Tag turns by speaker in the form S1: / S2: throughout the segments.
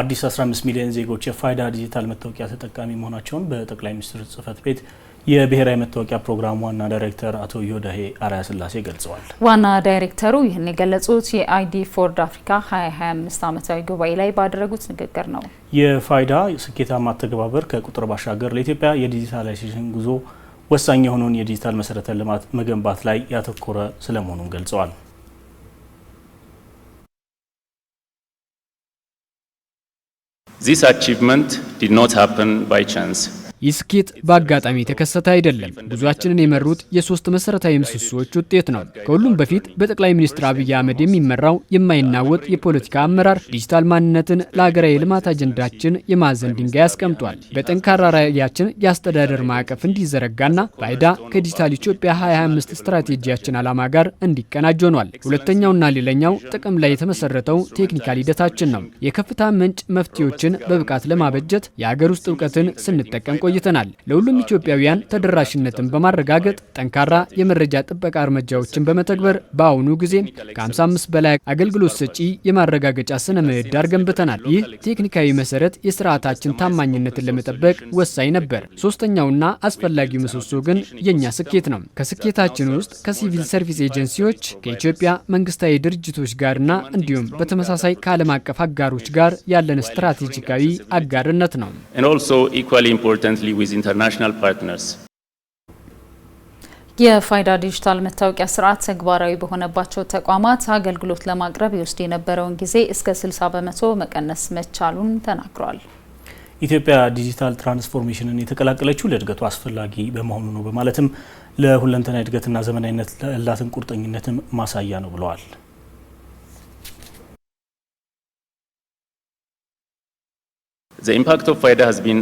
S1: አዲስ 15 ሚሊዮን ዜጎች የፋይዳ ዲጂታል መታወቂያ ተጠቃሚ መሆናቸውን በጠቅላይ ሚኒስትር ጽህፈት ቤት የብሔራዊ መታወቂያ ፕሮግራም ዋና ዳይሬክተር አቶ ዮዳሄ አርያ ስላሴ ገልጸዋል።
S2: ዋና ዳይሬክተሩ ይህን የገለጹት የአይዲ ፎርድ አፍሪካ 2025 ዓመታዊ ጉባኤ ላይ ባደረጉት ንግግር ነው።
S1: የፋይዳ ስኬታማ አተገባበር ከቁጥር ባሻገር ለኢትዮጵያ የዲጂታላይዜሽን ጉዞ ወሳኝ የሆነውን የዲጂታል መሰረተ ልማት መገንባት ላይ ያተኮረ ስለመሆኑም ገልጸዋል።
S3: This achievement did not happen by chance.
S4: ይህ ስኬት በአጋጣሚ የተከሰተ አይደለም። ጉዟችንን የመሩት የሶስት መሰረታዊ ምሰሶዎች ውጤት ነው። ከሁሉም በፊት በጠቅላይ ሚኒስትር አብይ አህመድ የሚመራው የማይናወጥ የፖለቲካ አመራር ዲጂታል ማንነትን ለሀገራዊ የልማት አጀንዳችን የማዕዘን ድንጋይ አስቀምጧል። በጠንካራ ራዕያችን የአስተዳደር ማዕቀፍ እንዲዘረጋና ባይዳ ከዲጂታል ኢትዮጵያ 2025 ስትራቴጂያችን ዓላማ ጋር እንዲቀናጅ ሆኗል። ሁለተኛውና ሌላኛው ጥቅም ላይ የተመሰረተው ቴክኒካል ሂደታችን ነው። የከፍታ ምንጭ መፍትሄዎችን በብቃት ለማበጀት የሀገር ውስጥ እውቀትን ስንጠቀም ቆይ ቆይተናል። ለሁሉም ኢትዮጵያውያን ተደራሽነትን በማረጋገጥ ጠንካራ የመረጃ ጥበቃ እርምጃዎችን በመተግበር በአሁኑ ጊዜ ከ55 በላይ አገልግሎት ሰጪ የማረጋገጫ ስነ ምህዳር ገንብተናል። ይህ ቴክኒካዊ መሰረት የስርዓታችን ታማኝነትን ለመጠበቅ ወሳኝ ነበር። ሶስተኛውና አስፈላጊው ምሰሶ ግን የእኛ ስኬት ነው። ከስኬታችን ውስጥ ከሲቪል ሰርቪስ ኤጀንሲዎች ከኢትዮጵያ መንግስታዊ ድርጅቶች ጋርና እንዲሁም በተመሳሳይ ከዓለም አቀፍ አጋሮች ጋር ያለን ስትራቴጂካዊ አጋርነት ነው።
S3: jointly with international partners.
S2: የፋይዳ ዲጂታል መታወቂያ ስርዓት ተግባራዊ በሆነባቸው ተቋማት አገልግሎት ለማቅረብ ይወስድ የነበረውን ጊዜ እስከ 60 በመቶ መቀነስ መቻሉን ተናግሯል።
S1: ኢትዮጵያ ዲጂታል ትራንስፎርሜሽንን የተቀላቀለችው ለእድገቱ አስፈላጊ በመሆኑ ነው በማለትም ለሁለንተና እድገትና ዘመናዊነት ያላትን ቁርጠኝነትም ማሳያ ነው ብለዋል።
S3: The impact of FIDA has been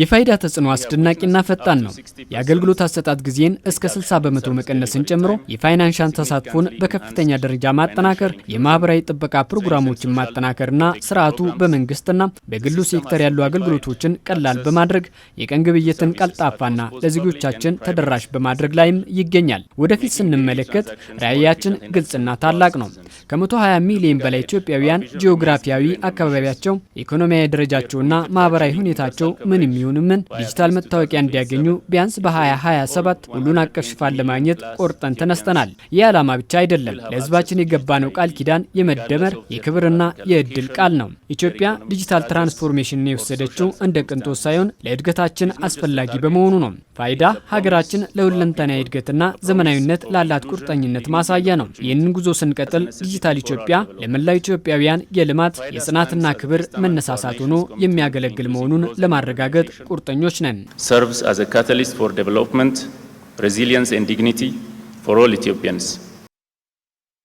S4: የፋይዳ ተጽዕኖ አስደናቂና ፈጣን ነው። የአገልግሎት አሰጣጥ ጊዜን እስከ 60 በመቶ መቀነስን ጨምሮ የፋይናንሻል ተሳትፎን በከፍተኛ ደረጃ ማጠናከር፣ የማህበራዊ ጥበቃ ፕሮግራሞችን ማጠናከርና ስርዓቱ በመንግስትና በግሉ ሴክተር ያሉ አገልግሎቶችን ቀላል በማድረግ የቀን ግብይትን ቀልጣፋና ለዜጎቻችን ተደራሽ በማድረግ ላይም ይገኛል። ወደፊት ስንመለከት ራዕያችን ግልጽና ታላቅ ነው። ከ120 ሚሊዮን በላይ ኢትዮጵያውያን ጂኦግራፊያዊ አካባቢያቸው፣ ኢኮኖሚያዊ ደረጃቸውና ማህበራዊ ሁኔታቸው ምን የሚሆን ምን ዲጂታል መታወቂያ እንዲያገኙ ቢያንስ በ2027 ሁሉን አቀፍ ሽፋን ለማግኘት ቆርጠን ተነስተናል። ይህ ዓላማ ብቻ አይደለም፣ ለህዝባችን የገባነው ቃል ኪዳን የመደመር የክብርና የእድል ቃል ነው። ኢትዮጵያ ዲጂታል ትራንስፎርሜሽንን የወሰደችው እንደ ቅንጦት ሳይሆን ለእድገታችን አስፈላጊ በመሆኑ ነው። ፋይዳ ሀገራችን ለሁለንተናዊ እድገትና ዘመናዊነት ላላት ቁርጠኝነት ማሳያ ነው። ይህንን ጉዞ ስንቀጥል ዲጂታል ኢትዮጵያ ለመላው ኢትዮጵያውያን የልማት የጽናትና ክብር መነሳሳት ሆኖ የሚያገ የሚያገለግል መሆኑን ለማረጋገጥ ቁርጠኞች ነን።
S3: ሰርቭስ አዝ ካታሊስት ፎር ዴቨሎፕመንት ሬዚሊየንስ ኤንድ ዲግኒቲ ፎር ኦል ኢትዮጵያንስ